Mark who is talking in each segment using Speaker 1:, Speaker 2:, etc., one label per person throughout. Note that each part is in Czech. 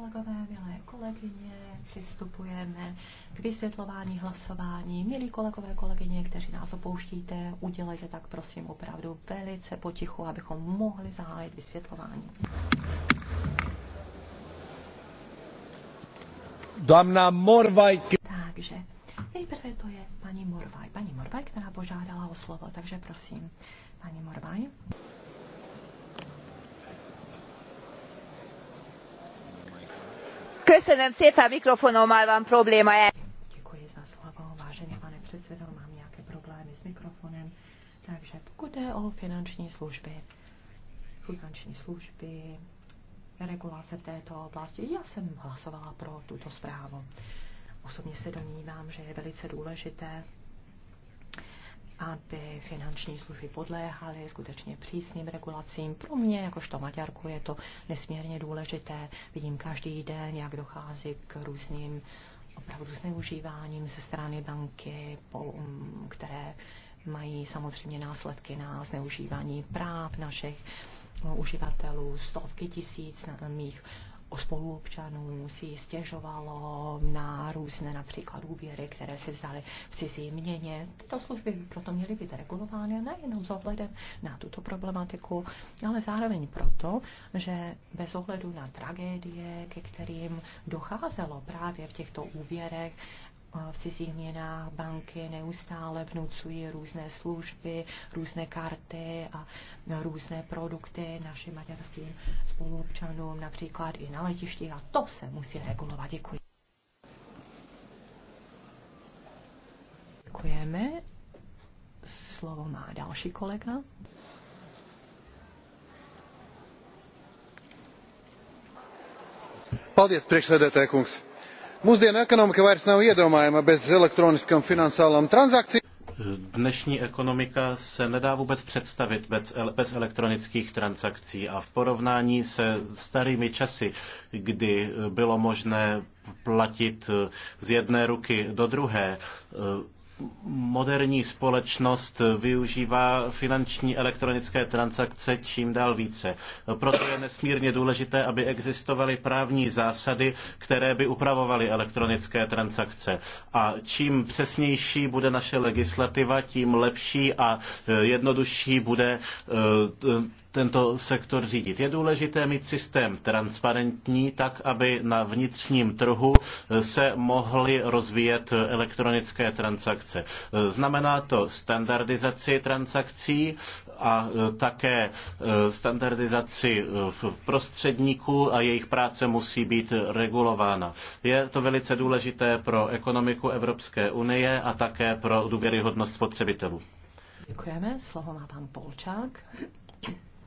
Speaker 1: kolegové, milé kolegyně, přistupujeme k vysvětlování hlasování. Milí kolegové, kolegyně, kteří nás opouštíte, udělejte tak prosím opravdu velice potichu, abychom mohli zahájit vysvětlování. Damna Morvaj. Takže nejprve to je paní Morvaj. Paní Morvaj, která požádala o slovo, takže prosím, paní Morvaj.
Speaker 2: Děkuji
Speaker 1: za slovo, vážený pane předsedo, mám nějaké problémy s mikrofonem. Takže pokud jde o finanční služby, finanční služby, regulace v této oblasti, já jsem hlasovala pro tuto zprávu. Osobně se domnívám, že je velice důležité aby finanční služby podléhaly skutečně přísným regulacím. Pro mě, jakožto Maďarku, je to nesmírně důležité. Vidím každý den, jak dochází k různým opravdu zneužíváním ze strany banky, um, které mají samozřejmě následky na zneužívání práv našich uh, uživatelů, stovky tisíc mých spoluobčanů si stěžovalo na různé například úvěry, které si vzali v cizí měně. Tyto služby by proto měly být regulovány nejenom s ohledem na tuto problematiku, ale zároveň proto, že bez ohledu na tragédie, ke kterým docházelo právě v těchto úvěrech, v cizích měnách banky neustále vnucují různé služby, různé karty a různé produkty našim maďarským spoluobčanům, například i na letišti a to se musí regulovat. Děkuji. Děkujeme. Slovo má další kolega.
Speaker 3: Paldies, priekšsēdētāj kungs. Mūsdienu ekonomika vairs nav iedomājama bez elektroniskām finansiālām transakcijām. Dnešní ekonomika se nedá vůbec představit bez elektronických transakcí a v porovnání se starými časy, kdy bylo možné platit z jedné ruky do druhé, moderní společnost využívá finanční elektronické transakce čím dál více. Proto je nesmírně důležité, aby existovaly právní zásady, které by upravovaly elektronické transakce. A čím přesnější bude naše legislativa, tím lepší a eh, jednodušší bude eh, tento sektor řídit. Je důležité mít systém transparentní, tak aby na vnitřním trhu se mohly rozvíjet elektronické transakce. Znamená to standardizaci transakcí a také standardizaci prostředníků a jejich práce musí být regulována. Je to velice důležité pro ekonomiku Evropské unie a také pro důvěryhodnost spotřebitelů.
Speaker 1: Děkujeme. Slovo má pan Polčák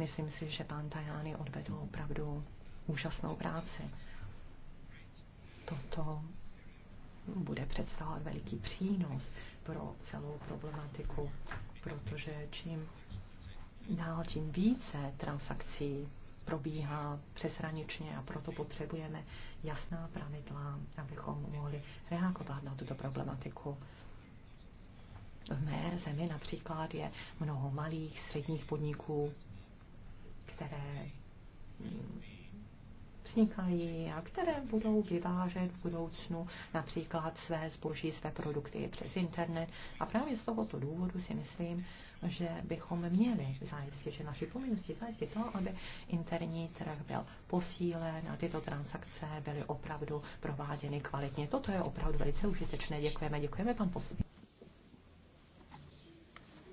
Speaker 1: Myslím si, že pan Tajány odvedl opravdu úžasnou práci. Toto bude představovat veliký přínos pro celou problematiku, protože čím dál, tím více transakcí probíhá přeshraničně a proto potřebujeme jasná pravidla, abychom mohli reagovat na tuto problematiku. V mé zemi například je mnoho malých, středních podniků, které hm, vznikají a které budou vyvážet v budoucnu například své zboží, své produkty přes internet. A právě z tohoto důvodu si myslím, že bychom měli zajistit, že naši povinnosti zajistit to, aby interní trh byl posílen a tyto transakce byly opravdu prováděny kvalitně. Toto je opravdu velice užitečné. Děkujeme, děkujeme pan poslední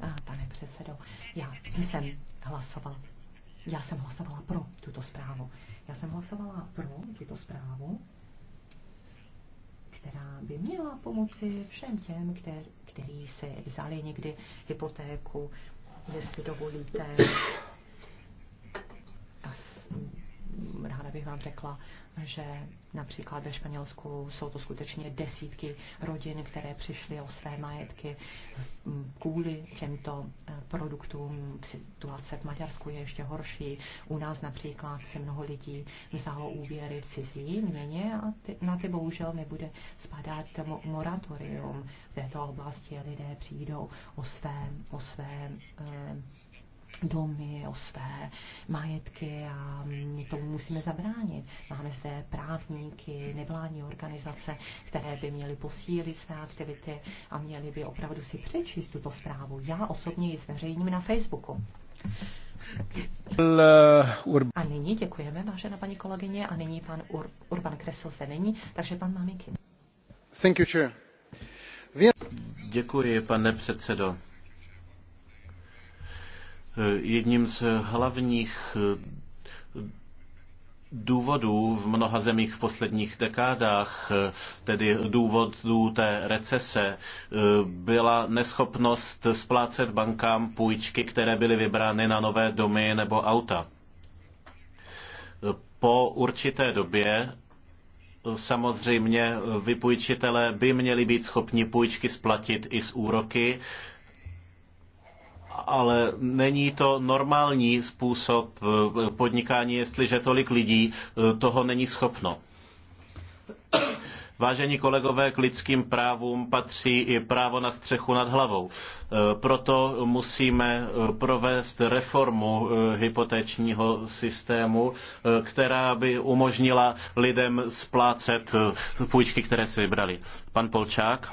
Speaker 1: Ah, pane předsedo, já jsem hlasoval. Já jsem hlasovala pro tuto zprávu. Já jsem hlasovala pro tuto zprávu, která by měla pomoci všem těm, kteří se vzali někdy hypotéku, jestli dovolíte, abych vám řekla, že například ve Španělsku jsou to skutečně desítky rodin, které přišly o své majetky kvůli těmto eh, produktům. Situace v Maďarsku je ještě horší. U nás například se mnoho lidí vzalo úvěry v cizí měně a ty, na ty bohužel nebude spadat moratorium v této oblasti. Lidé přijdou o své, o své eh, domy, o své majetky a my tomu musíme zabránit. Máme zde právníky, nevládní organizace, které by měly posílit své aktivity a měly by opravdu si přečíst tuto zprávu. Já osobně ji zveřejním na Facebooku. A nyní děkujeme, vážená paní kolegyně, a nyní pan Ur- Urban Kreso zde není, takže pan Mamikin. Thank you, chair.
Speaker 3: Děkuji, pane předsedo. Jedním z hlavních eh, důvodů v mnoha zemích v posledních dekádách, eh, tedy důvodů té recese, eh, byla neschopnost splácet bankám půjčky, které byly vybrány na nové domy nebo auta. Po určité době samozřejmě vypůjčitelé by měli být schopni půjčky splatit i s úroky, ale není to normální způsob eh, podnikání, jestliže tolik lidí eh, toho není schopno. Vážení kolegové, k lidským právům patří i právo na střechu nad hlavou. Eh, proto musíme provést reformu hypotečního systému, která by umožnila lidem splácet půjčky, které si vybrali. Pan Polčák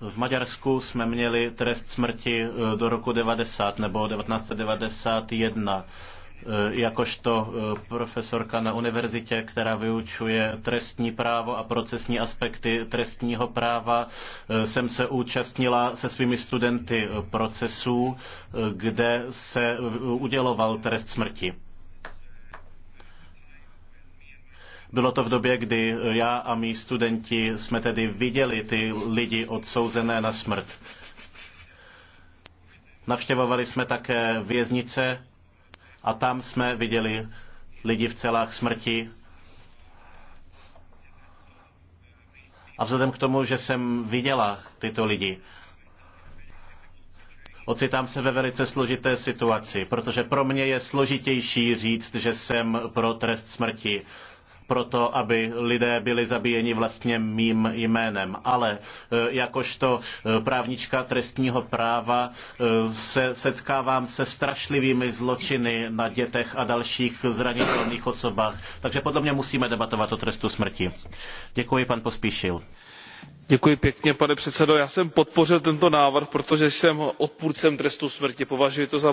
Speaker 3: v Maďarsku jsme měli trest smrti eh, do roku 90 nebo 1991 eh, jakožto eh, profesorka na univerzitě, která vyučuje trestní právo a procesní aspekty trestního práva, jsem se účastnila se svými studenty procesů, kde se uděloval trest smrti. Bylo to v době, kdy já a mý studenti jsme tedy viděli ty lidi odsouzené na smrt. Navštěvovali jsme také věznice a tam jsme viděli lidi v celách smrti. A vzhledem k tomu, že jsem viděla tyto lidi, ocitám se ve velice složité situaci, protože pro mě je složitější říct, že jsem pro trest smrti, proto, aby lidé byli zabíjeni vlastně mým jménem. Ale e, jakožto e, právnička trestního práva e, se setkávám se strašlivými zločiny na dětech a dalších zranitelných osobách. Takže podle mě
Speaker 4: musíme debatovat o trestu smrti. Děkuji, pan Pospíšil pane předsedající já jsem podpořil tento návrh protože jsem odpůrcem trestu smrti považuji to za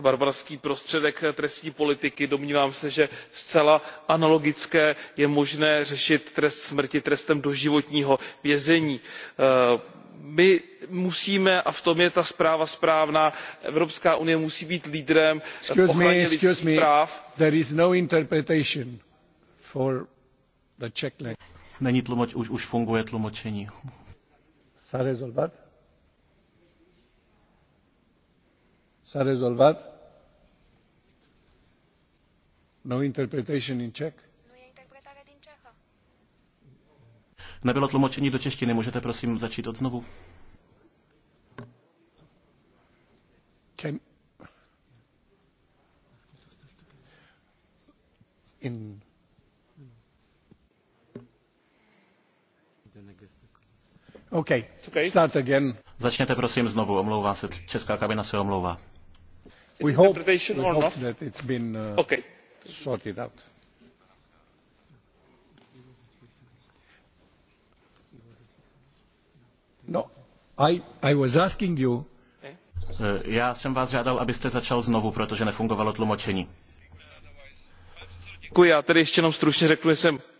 Speaker 4: barbarský prostředek trestní politiky domnívám se že zcela analogicky je možné řešit trest smrti trestem doživotního vězení. Eh, my musíme a v tom je ta zpráva správná evropská unie musí být lídrem v ochraně lidských práv
Speaker 3: Není tlumoč, už, už funguje tlumočení.
Speaker 5: S-a rezolvat? s rezolvat? No interpretation in Czech?
Speaker 3: No Nebylo tlumočení do češtiny, můžete prosím začít od znovu? Can... In
Speaker 5: Okay. okay. Start
Speaker 4: again.
Speaker 3: Začněte prosím znovu, omlouvá se, česká kabina se omlouvá.
Speaker 4: We hope, we hope that it's been uh, okay. sorted out.
Speaker 5: No, I, I was asking you. Eh? Eh, já jsem vás žádal,
Speaker 3: abyste začal znovu, protože nefungovalo tlumočení.
Speaker 4: Děkuji, já tedy ještě jenom stručně řeknu, že jsem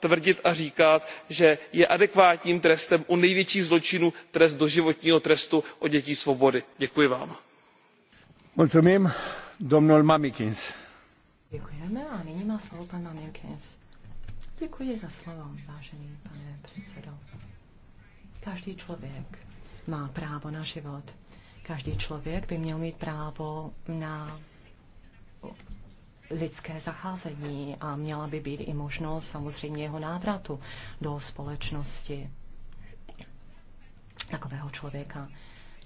Speaker 4: tvrdit a říkat že je adekvátním trestem u největších zločinů trest doživotního trestu odnětí svobody. děkuji vám.
Speaker 5: a
Speaker 1: slovo pan Děkuji za slovo, pane předsedo. Každý člověk má právo na život. Každý člověk by měl mít právo na lidské zacházení a měla by být i možnost samozřejmě jeho návratu do společnosti takového člověka.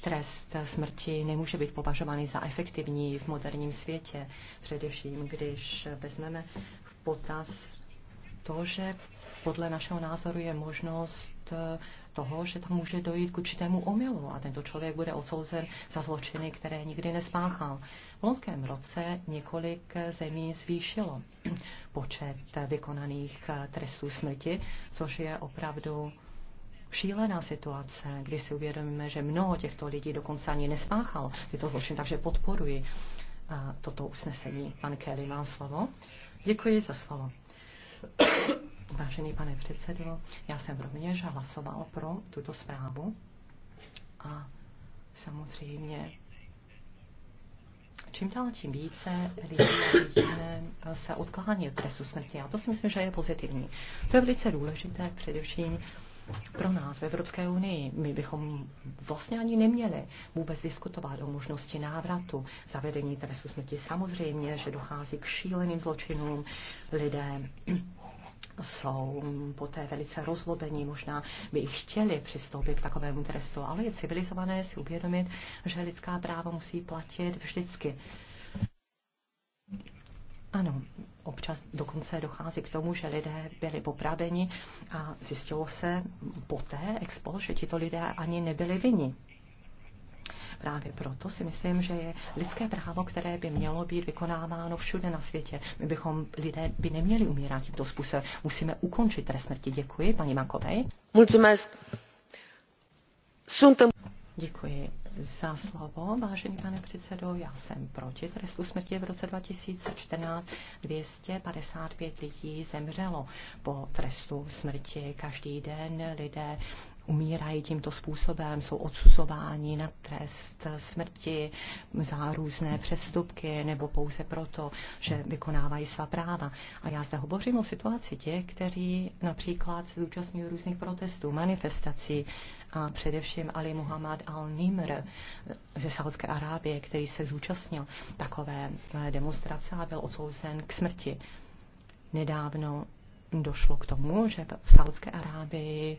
Speaker 1: Trest smrti nemůže být považovaný za efektivní v moderním světě, především když vezmeme v potaz to, že podle našeho názoru je možnost toho, že tam může dojít k určitému omylu a tento člověk bude odsouzen za zločiny, které nikdy nespáchal. V loňském roce několik zemí zvýšilo počet vykonaných eh, trestů smrti, což je opravdu šílená situace, kdy si uvědomíme, že mnoho těchto lidí dokonce ani nespáchal tyto zločiny, takže podporuji eh, toto usnesení. Pan Kelly má slovo. Děkuji za slovo. Vážený pane předsedo, já jsem rovněž hlasoval pro tuto zprávu a samozřejmě čím dál tím více lidí eh, se odklání od trestu smrti. A to si myslím, že je pozitivní. To je velice důležité především pro nás v Evropské unii. My bychom vlastně ani neměli vůbec diskutovat o možnosti návratu zavedení trestu smrti. Samozřejmě, že dochází k šíleným zločinům, lidé jsou poté velice rozlobení, možná by i chtěli přistoupit k takovému trestu, ale je civilizované si uvědomit, že lidská práva musí platit vždycky. Ano, občas dokonce dochází k tomu, že lidé byli popraveni a zjistilo se poté, expo, že tito lidé ani nebyli vinni. Právě proto si myslím, že je lidské právo, které by mělo být vykonáváno všude na světě. My bychom lidé by neměli umírat tímto způsobem. Musíme ukončit trest smrti. Děkuji, paní Makovej. Suntem... Děkuji za slovo, vážený pane předsedo. Já jsem proti trestu smrti v roce 2014. 255 lidí zemřelo po trestu smrti. Každý den lidé umírají tímto způsobem, jsou odsuzováni na trest smrti za různé přestupky nebo pouze proto, že vykonávají svá práva. A já zde hovořím o situaci těch, kteří například se zúčastňují různých protestů, manifestací a především Ali Muhammad al-Nimr ze Saudské Arábie, který se zúčastnil takové eh, demonstrace a byl odsouzen k smrti. Nedávno došlo k tomu, že v Saudské Arábii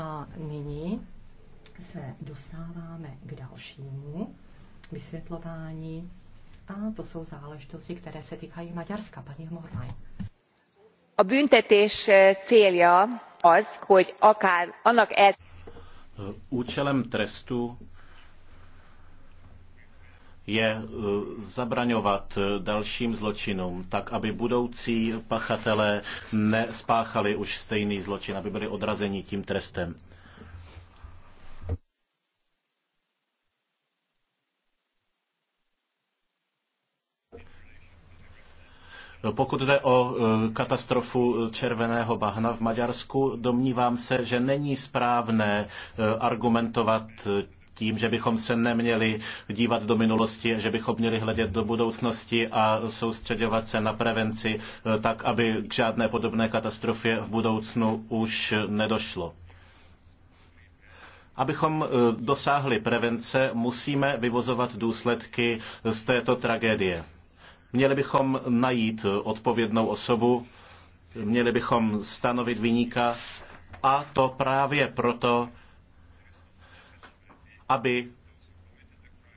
Speaker 1: A nyní se dostáváme k dalšímu vysvětlování. A to jsou záležitosti, které se týkají Maďarska. Paní Morvaj.
Speaker 2: A büntetés eh, célja az, hogy akár annak el...
Speaker 3: Účelem trestu je eh, zabraňovat eh, dalším zločinům, tak aby budoucí pachatelé nespáchali už stejný zločin, aby byli odrazeni tím trestem. Pokud jde o eh, katastrofu červeného bahna v Maďarsku, domnívám se, že není správné argumentovat tím, že bychom se neměli dívat do minulosti, že bychom měli hledět do budoucnosti a soustředovat se na prevenci, eh, tak aby k žádné podobné katastrofě v budoucnu už nedošlo. Abychom eh, dosáhli prevence, musíme vyvozovat důsledky z této tragédie. Měli bychom najít eh, odpovědnou osobu, měli bychom stanovit vyníka a to právě proto, aby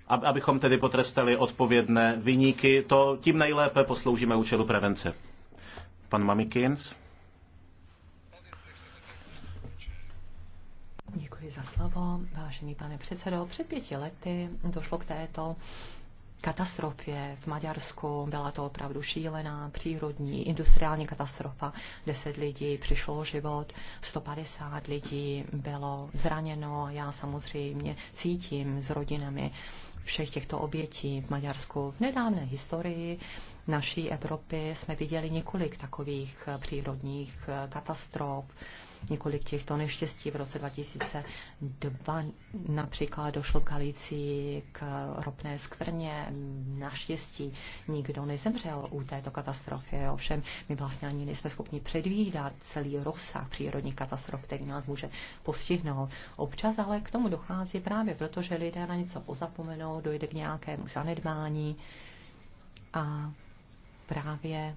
Speaker 3: abychom tedy potrestali odpovědné vyníky, to tím nejlépe posloužíme účelu prevence. Pan Mamikins.
Speaker 1: Děkuji za slovo, vážený pane předsedo. Před pěti lety došlo k této katastrofě v Maďarsku. Byla to opravdu šílená přírodní industriální katastrofa. 10 lidí přišlo život, 150 lidí bylo zraněno. Já samozřejmě cítím s rodinami všech těchto obětí v Maďarsku. V nedávné historii naší Evropy jsme viděli několik takových přírodních katastrof několik těchto neštěstí. V roce 2002 například došlo k Alici k ropné skvrně. Naštěstí nikdo nezemřel u této katastrofy. Ovšem, my vlastně ani nejsme schopni předvídat celý rozsah přírodních katastrof, který nás může postihnout. Občas ale k tomu dochází právě proto, že lidé na něco pozapomenou, dojde k nějakému zanedbání a právě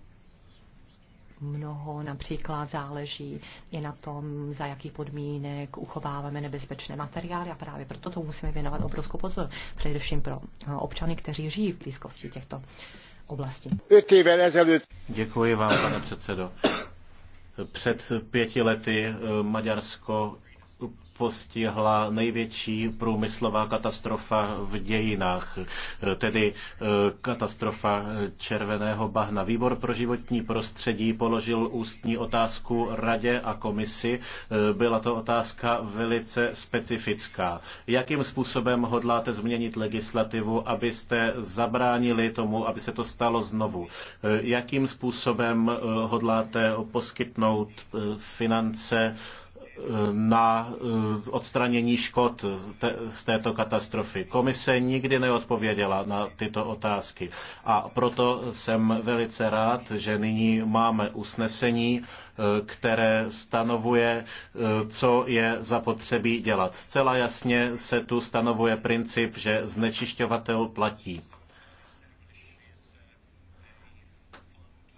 Speaker 1: mnoho například záleží i na tom, za jakých podmínek uchováváme nebezpečné materiály a právě proto to musíme věnovat obrovskou pozornost, především pro eh, občany, kteří žijí v blízkosti těchto oblastí.
Speaker 3: Děkuji vám, pane předsedo. Před pěti lety eh, Maďarsko postihla největší průmyslová katastrofa v dějinách, tedy e, katastrofa červeného bahna. Výbor pro životní prostředí položil ústní otázku radě a komisi. E, byla to otázka velice specifická. Jakým způsobem hodláte změnit legislativu, abyste zabránili tomu, aby se to stalo znovu? E, jakým způsobem hodláte poskytnout finance na eh, odstranění škod z této katastrofy. Komise nikdy neodpověděla na tyto otázky a proto jsem velice rád, že nyní máme usnesení, eh, které stanovuje, eh, co je zapotřebí dělat. Zcela jasně se tu stanovuje princip, že znečišťovatel platí.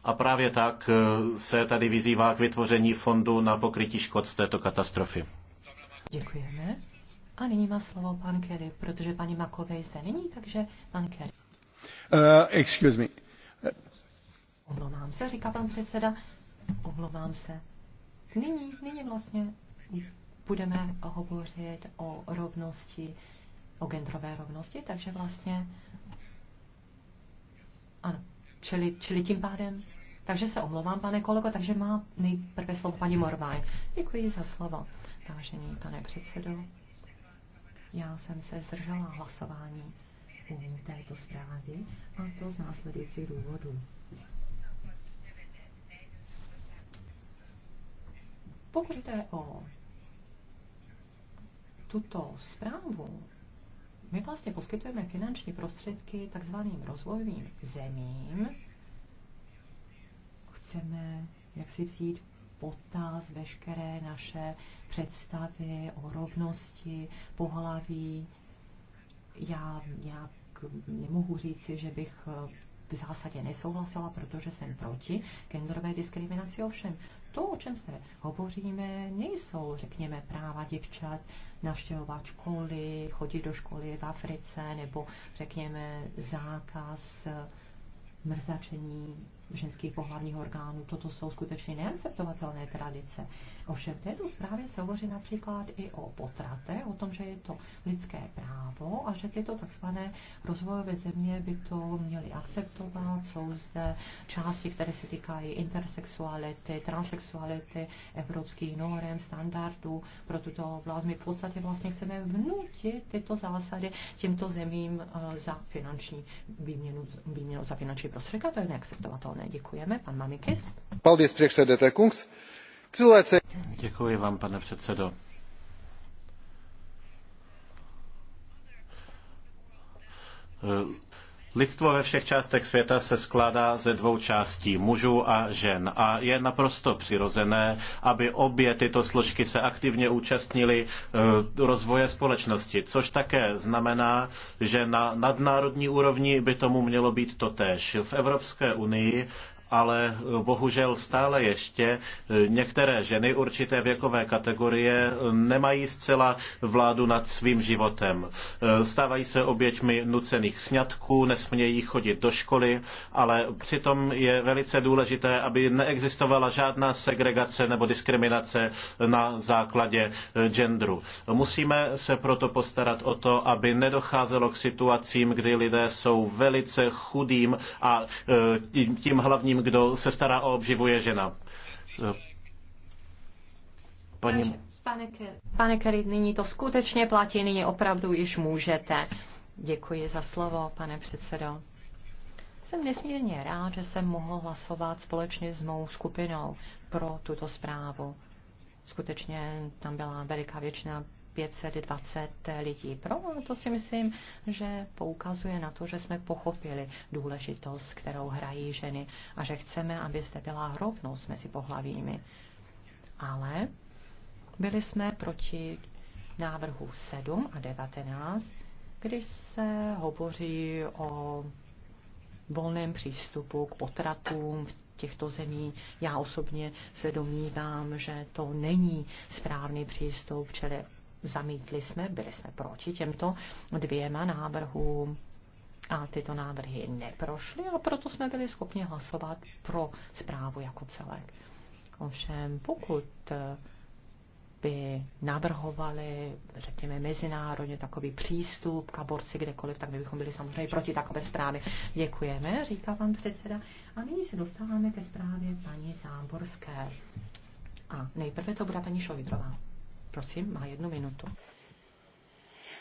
Speaker 3: A právě tak eh, se tady vyzývá k vytvoření fondu na pokrytí škod z této katastrofy.
Speaker 1: Děkujeme. A nyní má slovo pan Kerry, protože paní Makovej zde není, takže pan Kerry.
Speaker 5: Uh, excuse me.
Speaker 1: Omlouvám se, říká pan předseda. Omlouvám se. Nyní, nyní vlastně budeme hovořit o rovnosti, o genderové rovnosti, takže vlastně ano. Čili, čili tím pádem takže se omlouvám, pane kolego, takže má nejprve slovo paní Morvaj. Děkuji za slovo, vážený pane předsedo. Já jsem se zdržela hlasování u této zprávy a to z následujících důvodů. Pokud jde o tuto zprávu, my vlastně poskytujeme finanční prostředky takzvaným rozvojovým zemím, chceme jak si vzít potaz veškeré naše představy o rovnosti, pohlaví. Já já nemohu říci, že bych eh, v zásadě nesouhlasila, protože jsem proti genderové diskriminaci. Ovšem, to, o čem se hovoříme, nejsou, řekněme, práva děvčat navštěvovat školy, chodit do školy v Africe, nebo, řekněme, zákaz mrzačení ženských pohlavních orgánů. Toto jsou skutečně neakceptovatelné tradice. Ovšem v této zprávě se hovoří například i o potrate, o tom, že je to lidské právo a že tyto tzv. rozvojové země by to měly akceptovat. Jsou zde části, které se týkají intersexuality, transexuality, evropských norem, standardů pro tuto oblast. My v podstatě vlastně chceme vnutit tyto zásady těmto zemím eh, za finanční výměnu, výměnu za finanční neprostředkatelné, neakceptovatelné. Děkujeme. Pan Mamikis.
Speaker 3: Děkuji vám, pane předsedo. Lidstvo ve všech částech světa se skládá ze dvou částí, mužů a žen. A je naprosto přirozené, aby obě tyto složky se aktivně účastnily e, rozvoje společnosti, což také znamená, že na nadnárodní úrovni by tomu mělo být totéž. V Evropské unii ale eh, bohužel stále ještě eh, některé ženy určité věkové kategorie eh, nemají zcela vládu nad svým životem. Stávají se oběťmi nucených sňatků, nesmějí chodit do školy, ale přitom je velice důležité, aby neexistovala žádná segregace nebo diskriminace na základě genderu. Musíme se proto postarat o to, aby nedocházelo k situacím, kdy lidé jsou velice chudým a tím hlavním tím, kdo se stará o obživu je žena.
Speaker 1: Paní... Pane, pane Kerry, nyní to skutečně platí, nyní opravdu již můžete. Děkuji za slovo, pane předsedo. Jsem nesmírně rád, že jsem mohl hlasovat společně s mou skupinou pro tuto zprávu. Skutečně tam byla veliká většina 520 lidí pro. to si myslím, že poukazuje na to, že jsme pochopili důležitost, kterou hrají ženy a že chceme, aby zde byla rovnost mezi pohlavími. Ale byli jsme proti návrhu 7 a 19, když se hovoří o volném přístupu k potratům v těchto zemí. Já osobně se domnívám, že to není správný přístup, čili zamítli jsme, byli jsme proti těmto dvěma návrhům a tyto návrhy neprošly a proto jsme byli schopni hlasovat pro zprávu jako celek. Ovšem, pokud eh, by navrhovali, řekněme, mezinárodně takový přístup k aborci kdekoliv, tak my bychom byli samozřejmě proti takové zprávě. Děkujeme, říká pan předseda. A nyní se dostáváme ke zprávě paní Záborské. A nejprve to bude paní Šovidrová. Prosím, má jednu minutu.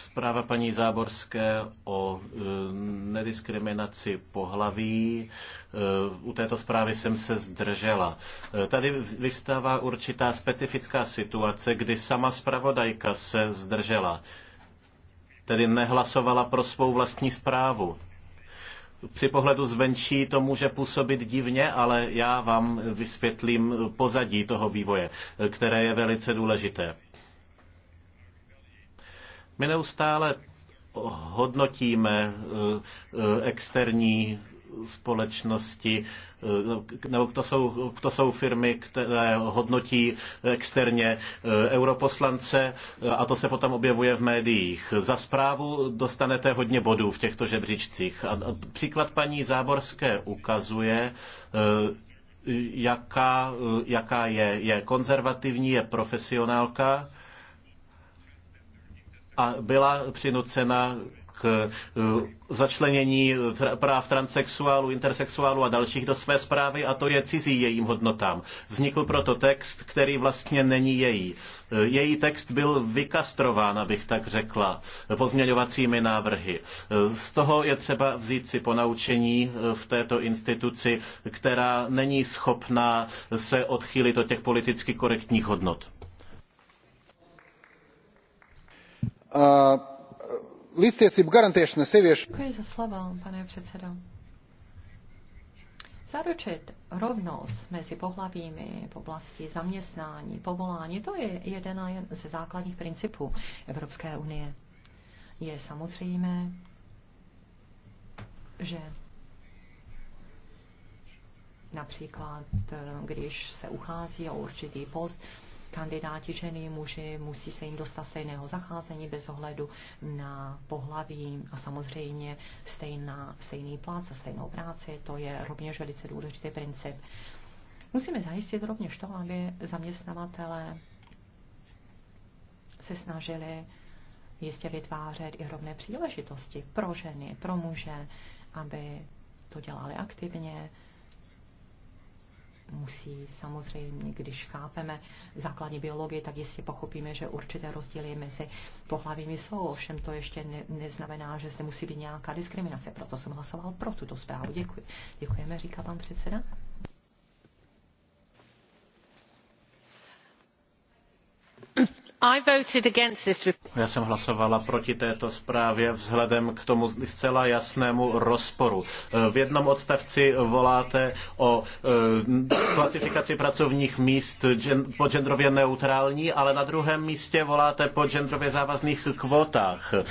Speaker 3: Zpráva paní Záborské o e, nediskriminaci pohlaví. E, u této zprávy jsem se zdržela. E, tady vystává určitá specifická situace, kdy sama zpravodajka se zdržela. Tedy nehlasovala pro svou vlastní zprávu. Při pohledu zvenčí to může působit divně, ale já vám vysvětlím pozadí toho vývoje, které je velice důležité. My neustále hodnotíme eh, eh, externí společnosti, eh, nebo to jsou, to jsou firmy, které hodnotí externě europoslance a to se potom objevuje v médiích. Za zprávu dostanete hodně bodů v těchto žebříčcích. A příklad paní Záborské ukazuje, jaká, jaká je, je konzervativní, je profesionálka, a byla přinucena k eh, začlenění práv transexuálů, intersexuálů a dalších do své zprávy a to je cizí jejím hodnotám. Vznikl proto text, který vlastně není její. Eh, její text byl vykastrován, abych tak řekla, pozměňovacími návrhy. Eh, z toho je třeba vzít si ponaučení v této instituci, která není schopná se odchýlit od těch politicky korektních hodnot. Děkuji
Speaker 1: za slovo, pane předsedo. Zaručit rovnost mezi pohlavími v oblasti zaměstnání, povolání, to je jeden ze základních principů Evropské unie. Je samozřejmé, že například, eh, když se uchází o určitý post, kandidáti ženy, muži, musí se jim dostat stejného zacházení bez ohledu na pohlaví a samozřejmě stejná, stejný plat za stejnou práci. To je rovněž velice důležitý princip. Musíme zajistit rovněž to, aby zaměstnavatele se snažili jistě vytvářet i rovné příležitosti pro ženy, pro muže, aby to dělali aktivně, musí samozřejmě, když chápeme základní biologii, tak jistě pochopíme, že určité rozdíly mezi pohlavími jsou. Ovšem to ještě ne, neznamená, že zde musí být nějaká diskriminace. Proto jsem hlasoval pro tuto zprávu. Děkuji. Děkujeme, říká pan předseda.
Speaker 3: Já jsem hlasovala proti této zprávě vzhledem k tomu zcela jasnému rozporu. Eh, v jednom odstavci voláte o eh, klasifikaci pracovních míst po genderově neutrální, ale na druhém místě voláte po genderově závazných kvótách. Eh,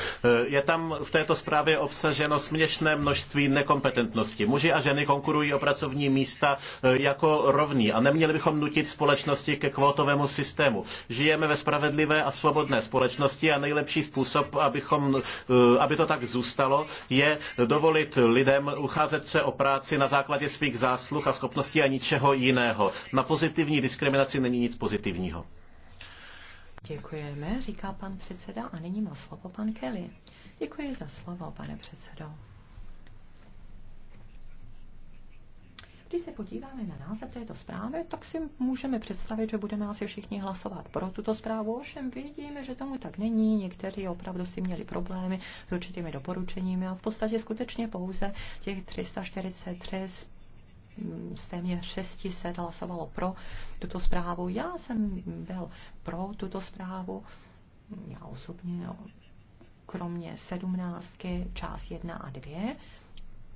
Speaker 3: je tam v této zprávě obsaženo směšné množství nekompetentnosti. Muži a ženy konkurují o pracovní místa jako rovní a neměli bychom nutit společnosti ke kvótovému systému. Žijeme ve spravedlivém spravedlivé a svobodné společnosti a nejlepší způsob, abychom, eh, aby to tak zůstalo, je dovolit lidem ucházet se o práci na základě svých zásluh a schopností a ničeho jiného. Na pozitivní diskriminaci není nic pozitivního.
Speaker 1: Děkujeme, říká pan předseda a nyní má slovo pan Kelly. Děkuji za slovo, pane předsedo. Když se podíváme na název této zprávy, tak si můžeme představit, že budeme asi všichni hlasovat pro tuto zprávu. Ovšem vidíme, že tomu tak není. Někteří opravdu si měli problémy s určitými doporučeními a v podstatě skutečně pouze těch 343 mm, z téměř 600 hlasovalo pro tuto zprávu. Já jsem byl pro tuto zprávu, já osobně, no, kromě sedmnáctky, část 1 a 2,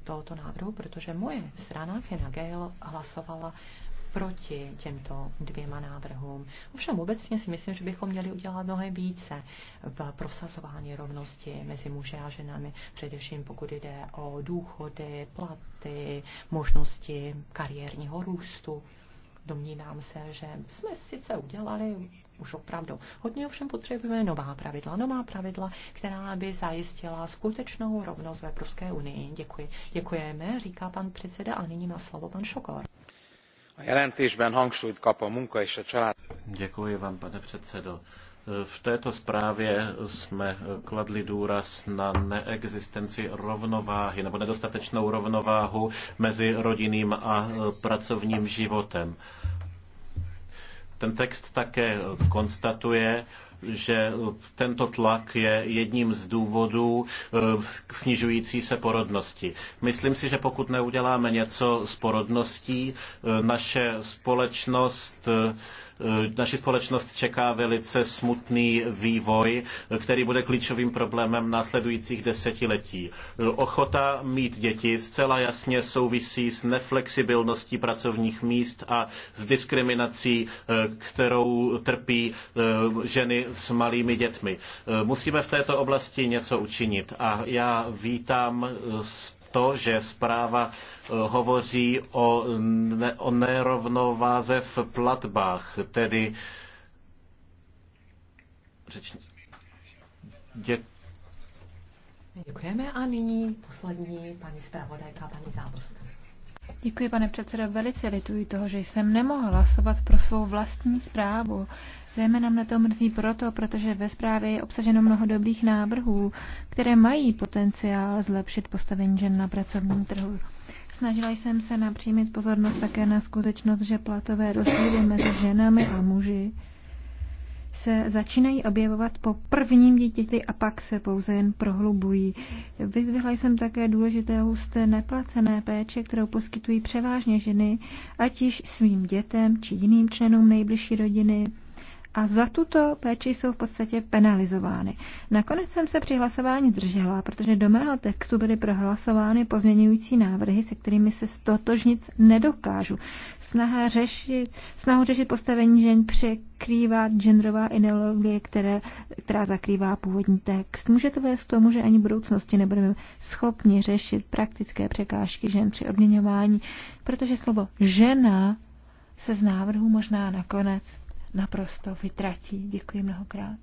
Speaker 1: tohoto návrhu, protože moje strana Fina Gael hlasovala proti těmto dvěma návrhům. Ovšem obecně si myslím, že bychom měli udělat mnohem více v prosazování rovnosti mezi muži a ženami, především pokud jde o důchody, platy, možnosti kariérního růstu. Domnívám se, že jsme sice udělali už opravdu hodně, ovšem potřebujeme nová pravidla, nová pravidla, která by zajistila skutečnou rovnost v Evropské unii. Děkuji. Děkujeme, říká pan předseda a nyní má slovo pan Šokor.
Speaker 4: A jelentésben
Speaker 3: hangsúlyt kap a munka a család. Děkuji vám, pane předsedo. V této zprávě jsme kladli důraz na neexistenci rovnováhy nebo nedostatečnou rovnováhu mezi rodinným a pracovním životem. Ten text také konstatuje, že tento tlak je jedním z důvodů eh, snižující se porodnosti. Myslím si, že pokud neuděláme něco s porodností, eh, naše společnost eh, naši společnost čeká velice smutný vývoj, který bude klíčovým problémem následujících desetiletí. Ochota mít děti zcela jasně souvisí s neflexibilností pracovních míst a s diskriminací, kterou trpí ženy s malými dětmi. Eh, musíme v této oblasti něco učinit a já vítám eh, to, že zpráva eh, hovoří o, ne, o nerovnováze v platbách, tedy
Speaker 1: Děkujeme a nyní poslední paní zpravodajka, paní Záborská.
Speaker 2: Děkuji, pane předsedo. Velice lituji toho, že jsem nemohla hlasovat pro svou vlastní zprávu. Zejména mne to mrzí proto, protože ve zprávě je obsaženo mnoho dobrých návrhů, které mají potenciál zlepšit postavení žen na pracovním trhu. Snažila jsem se napřímit pozornost také na skutečnost, že platové rozdíly mezi ženami a muži se začínají objevovat po prvním dítěti a pak se pouze jen prohlubují. Vyzvihla jsem také důležité husté neplacené péče, kterou poskytují převážně ženy, ať již svým dětem či jiným členům nejbližší rodiny a za tuto péči jsou v podstatě penalizovány. Nakonec jsem se při hlasování držela, protože do mého textu byly prohlasovány pozměňující návrhy, se kterými se stotožnit nedokážu. Snaha řešit, snahu řešit postavení žen překrývá genderová ideologie, které, která zakrývá původní text. Může to vést k tomu, že ani v budoucnosti nebudeme schopni řešit praktické překážky žen při odměňování, protože slovo žena se z návrhu možná nakonec naprosto vytratí. Děkuji mnohokrát.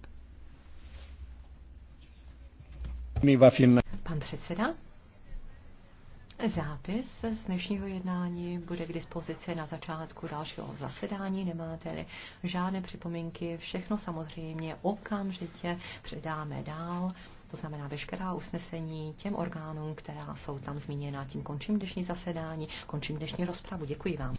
Speaker 5: Pan předseda.
Speaker 1: Zápis z dnešního jednání bude k dispozici na začátku dalšího zasedání. nemáte žádné připomínky, všechno samozřejmě okamžitě předáme dál. To znamená veškerá usnesení těm orgánům, která jsou tam zmíněna. Tím končím dnešní zasedání, končím dnešní rozpravu. Děkuji vám.